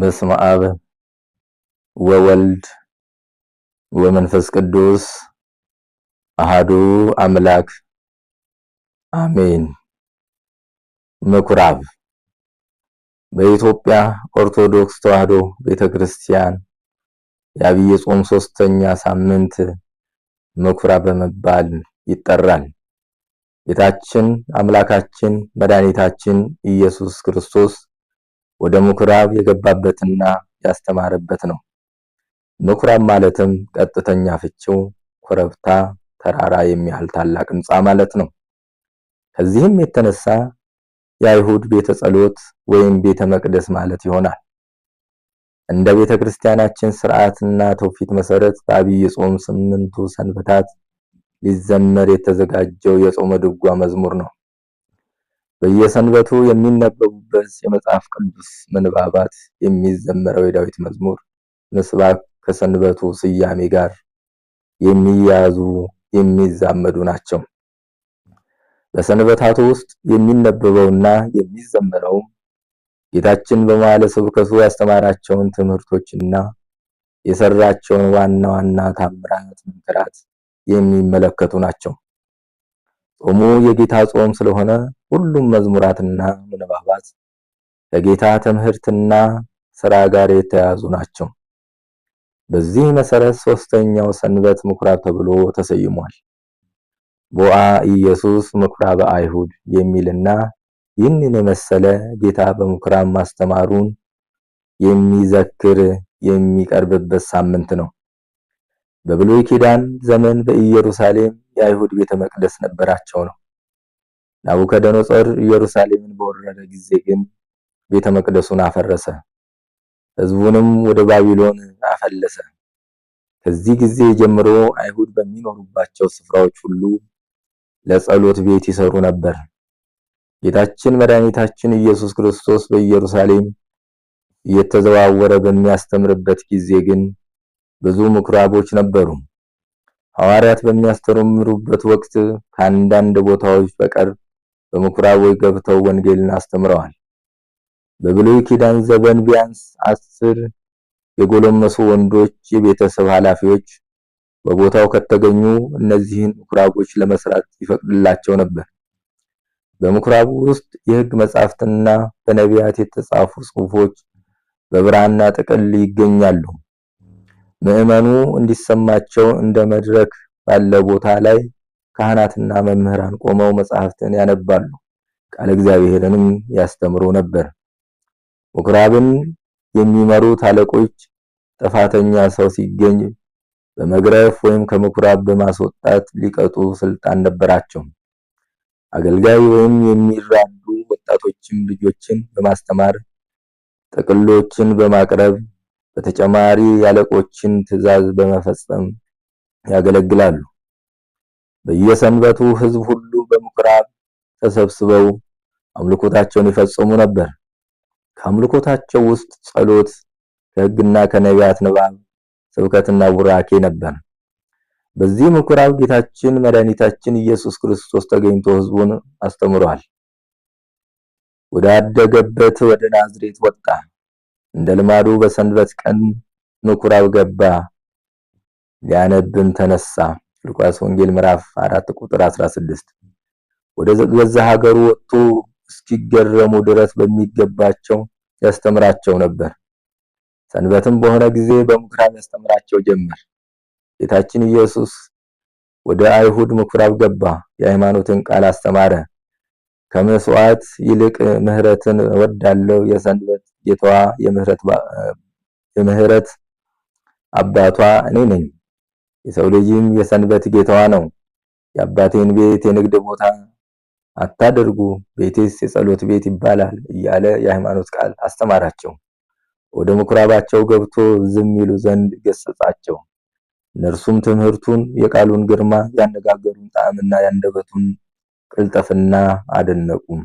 በስመ አብ ወወልድ ወመንፈስ ቅዱስ አሃዱ አምላክ አሜን። ምኩራብ በኢትዮጵያ ኦርቶዶክስ ተዋሕዶ ቤተክርስቲያን የዐቢይ ጾም ሶስተኛ ሳምንት ምኩራብ በመባል ይጠራል። ጌታችን አምላካችን መድኃኒታችን ኢየሱስ ክርስቶስ ወደ ምኩራብ የገባበትና ያስተማረበት ነው። ምኩራብ ማለትም ቀጥተኛ ፍቺው ኮረብታ፣ ተራራ የሚያህል ታላቅ ህንፃ ማለት ነው። ከዚህም የተነሳ የአይሁድ ቤተ ጸሎት ወይም ቤተ መቅደስ ማለት ይሆናል። እንደ ቤተ ክርስቲያናችን ስርዓትና ተውፊት መሰረት በአብይ ጾም ስምንቱ ሰንበታት ሊዘመር የተዘጋጀው የጾመ ድጓ መዝሙር ነው። በየሰንበቱ የሚነበቡበት የመጽሐፍ ቅዱስ ምንባባት፣ የሚዘመረው የዳዊት መዝሙር፣ ምስባክ ከሰንበቱ ስያሜ ጋር የሚያያዙ የሚዛመዱ ናቸው። በሰንበታቱ ውስጥ የሚነበበውና የሚዘመረው ጌታችን በመዋዕለ ስብከቱ ያስተማራቸውን ትምህርቶችና የሰራቸውን ዋና ዋና ታምራት መንከራት የሚመለከቱ ናቸው። ጾሙ የጌታ ጾም ስለሆነ ሁሉም መዝሙራትና ምንባባት ከጌታ ትምህርትና ስራ ጋር የተያያዙ ናቸው። በዚህ መሰረት ሶስተኛው ሰንበት ምኩራብ ተብሎ ተሰይሟል። ቦአ ኢየሱስ ምኩራበ አይሁድ የሚልና ይህንን የመሰለ ጌታ በምኩራብ ማስተማሩን የሚዘክር የሚቀርብበት ሳምንት ነው። በብሉይ ኪዳን ዘመን በኢየሩሳሌም የአይሁድ ቤተ መቅደስ ነበራቸው ነው። ናቡከደነጾር ኢየሩሳሌምን በወረደ ጊዜ ግን ቤተ መቅደሱን አፈረሰ፣ ህዝቡንም ወደ ባቢሎን አፈለሰ። ከዚህ ጊዜ ጀምሮ አይሁድ በሚኖሩባቸው ስፍራዎች ሁሉ ለጸሎት ቤት ይሰሩ ነበር። ጌታችን መድኃኒታችን ኢየሱስ ክርስቶስ በኢየሩሳሌም እየተዘዋወረ በሚያስተምርበት ጊዜ ግን ብዙ ምኩራቦች ነበሩ። ሐዋርያት በሚያስተረምሩበት ወቅት ከአንዳንድ ቦታዎች በቀር በምኩራቦች ገብተው ወንጌልን አስተምረዋል። በብሉይ ኪዳን ዘመን ቢያንስ አስር የጎለመሱ ወንዶች የቤተሰብ ኃላፊዎች በቦታው ከተገኙ እነዚህን ምኩራቦች ለመስራት ይፈቅድላቸው ነበር። በምኩራቡ ውስጥ የሕግ መጻሕፍትና በነቢያት የተጻፉ ጽሑፎች በብራና ጥቅል ይገኛሉ። ምዕመኑ እንዲሰማቸው እንደ መድረክ ባለ ቦታ ላይ ካህናትና መምህራን ቆመው መጽሐፍትን ያነባሉ፣ ቃለ እግዚአብሔርንም ያስተምሩ ነበር። ምኩራብን የሚመሩት አለቆች ጥፋተኛ ሰው ሲገኝ በመግረፍ ወይም ከምኩራብ በማስወጣት ሊቀጡ ስልጣን ነበራቸው። አገልጋይ ወይም የሚራዱ ወጣቶችም ልጆችን በማስተማር ጥቅሎችን በማቅረብ በተጨማሪ ያለቆችን ትዕዛዝ በመፈጸም ያገለግላሉ። በየሰንበቱ ሕዝብ ሁሉ በምኩራብ ተሰብስበው አምልኮታቸውን ይፈጽሙ ነበር። ከአምልኮታቸው ውስጥ ጸሎት፣ ከህግና ከነቢያት ንባብ፣ ስብከትና ቡራኬ ነበር። በዚህ ምኩራብ ጌታችን መድኃኒታችን ኢየሱስ ክርስቶስ ተገኝቶ ህዝቡን አስተምሯል። አደገበት ወደ ናዝሬት ወጣ። እንደ ልማዱ በሰንበት ቀን ምኩራብ ገባ፣ ሊያነብም ተነሳ። ሉቃስ ወንጌል ምዕራፍ 4 ቁጥር 16። ወደ ገዛ ሀገሩ ወጥቶ እስኪገረሙ ድረስ በሚገባቸው ያስተምራቸው ነበር። ሰንበትም በሆነ ጊዜ በምኩራብ ያስተምራቸው ጀመር። ጌታችን ኢየሱስ ወደ አይሁድ ምኩራብ ገባ፣ የሃይማኖትን ቃል አስተማረ። ከመስዋዕት ይልቅ ምሕረትን እወዳለሁ፣ የሰንበት ጌታዋ የምህረት አባቷ እኔ ነኝ። የሰው ልጅም የሰንበት ጌታዋ ነው። የአባቴን ቤት የንግድ ቦታ አታደርጉ፣ ቤቴስ የጸሎት ቤት ይባላል እያለ የሃይማኖት ቃል አስተማራቸው። ወደ ምኩራባቸው ገብቶ ዝም ይሉ ዘንድ ገሰጻቸው። እነርሱም ትምህርቱን፣ የቃሉን ግርማ፣ ያነጋገሩን ጣዕምና ያንደበቱን ቅልጥፍና አደነቁም።